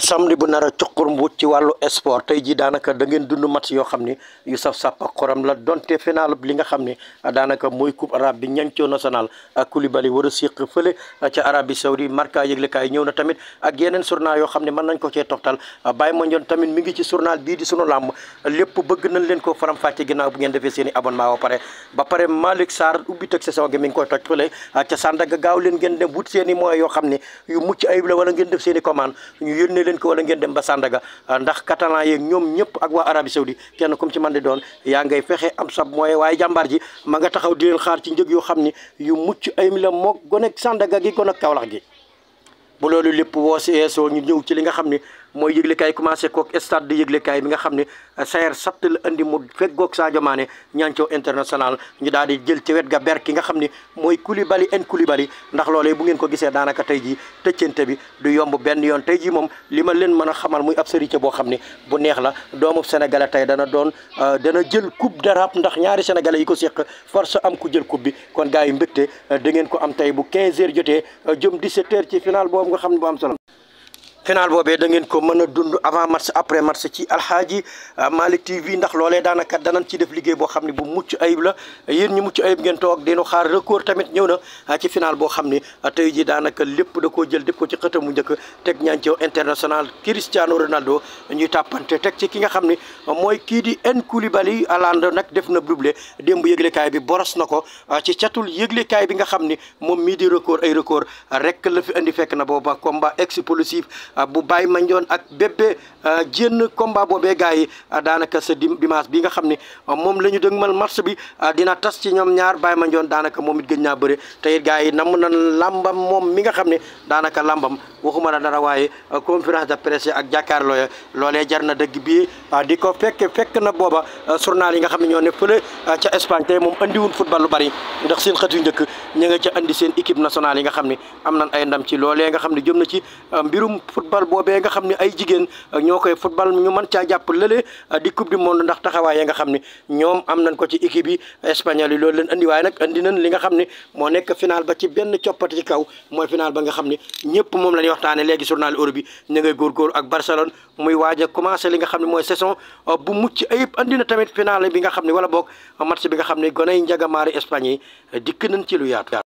samedi bu nar a cuqur mbut ci wàllu sport tey jii daanaka da ngeen dund yoo xam ni yu saf sàpp ak xorom la donte final li nga xam ni daanaka mooy coupe arabe bi ñancoo national ak Koulibaly war a séq fële ca Arabie Saoudi Marca yëglekaay ñëw na tamit ak yeneen journal yoo xam ne mën nañ ko cee toxtal Baye Mandione tamit mi ngi ci journal bii di sunu làmb lépp bëgg nañ bu ngeen defee seen i abonnement ba pare ba pare ubbi teg saison gi koy toj fële ca Sandaga gaaw leen wut seen i moyens yoo xam ne yu mucc ayib la wala ngeen def seen i commande ñu leen ko wala ngeen dem ba Sandaga euh, ndax catalan yeeg ñoom ñëpp ak waa Arabie Saoudi kenn kom ci man di doon yaa ngay fexe am sab mooy waaye jàmbaar ji ma taxaw di xaar ci njëg yoo xam ni yu mucc ayim la moo gone Sandaga gi gone Kaolack gi bu loolu lépp woo si yeesoo ñu ñëw ci li nga xam ne mooy yëglekaay commencé kook stade de yëglekaay bi nga xam ne saer sabt la andi mu feggoog Sadio Mané ñaancoo international ñu daal di jël ci wet ga ber ki nga xam ni mooy Koulibaly en Koulibaly ndax loolee bu ngeen ko gisee daanaka tey jii tëccante bi du yomb benn yoon tey jii moom li ma leen mën a xamal muy ab serité boo xam ne bu neex la doomu sénégala tey dana doon euh, dana jël coupe d'Arab ndax ñaari sénégalais yi ko séq force am ku jël coupe bi kon gars yi mbégte euh, da ngeen ko am tey bu 15 heures jotee euh, jëm 17 heures ci final boobu nga xam ne bu am solo final boobee da ngeen ko mën a dund avant match après match ci Alxaaji euh, Malick TV ndax loolee daanaka danañ ci def liggéey boo xam ne bu mucc ayib la yéen ñi mucc ayib ngeen toog dinu xaar record tamit ñëw na euh, ci final boo xam ne euh, tey ji daanaka lépp da koo jël def ko ci xëtamu njëkk teg ñaan ci international Cristiano Ronaldo ñuy tàppante teg ci ki nga xam ne mooy kii di Koulibaly Haaland nag def na doublé démb yëglekaay bi boros na ko ci catul yëglekaay bi nga xam ni moom mii di record ay record rek la fi indi fekk na booba combat explosif Ah, bu Baye Mandione ak bébé jénn ah, combat boobee gars yi ah, daanaka sa dimanche bi nga xam ni moom la ñu dëgmal match bi dina tas ci ñoom ñaar Baye Mandione daanaka moom gën naa bëre te it yi namm na lambam moom mi nga xam ne daanaka lambam waxuma la dara waaye conférence de ak jàkkaarloo loolee jar na dëgg bii di ko fekke fekk na booba journal yi nga xam ne ñoo ne fële ca Espagne tey moom andiwul football lu bari ndax seen xët yu njëkk ñu nga ca seen équipe nationale yi nga xam ne am nañ ay ndam ci loolee nga xam ne jëm na ci mbirum football boobee nga xam ne ay jigéen euh, ñoo koy football ñu man caa jàpp lële euh, di coupe du monde ndax taxawaay nga xam ni ñoom am nañ ko ci équipe yi espagnol yi loolu leen andi waaye nag andi li nga xam ne moo nekk final ba ci benn coppati ci kaw mooy final ba nga xam ni ñëpp moom la ñuy waxtaane léegi journal Europe bi ñu ngay góorgóor ak Barcelone muy waaj a li nga xam ne mooy saison euh, bu mucc ayib andi na tamit final bi nga xam ne wala boog match bi nga xam ne gonay njagamaari Espagne yi dikk nañ ci lu yaatu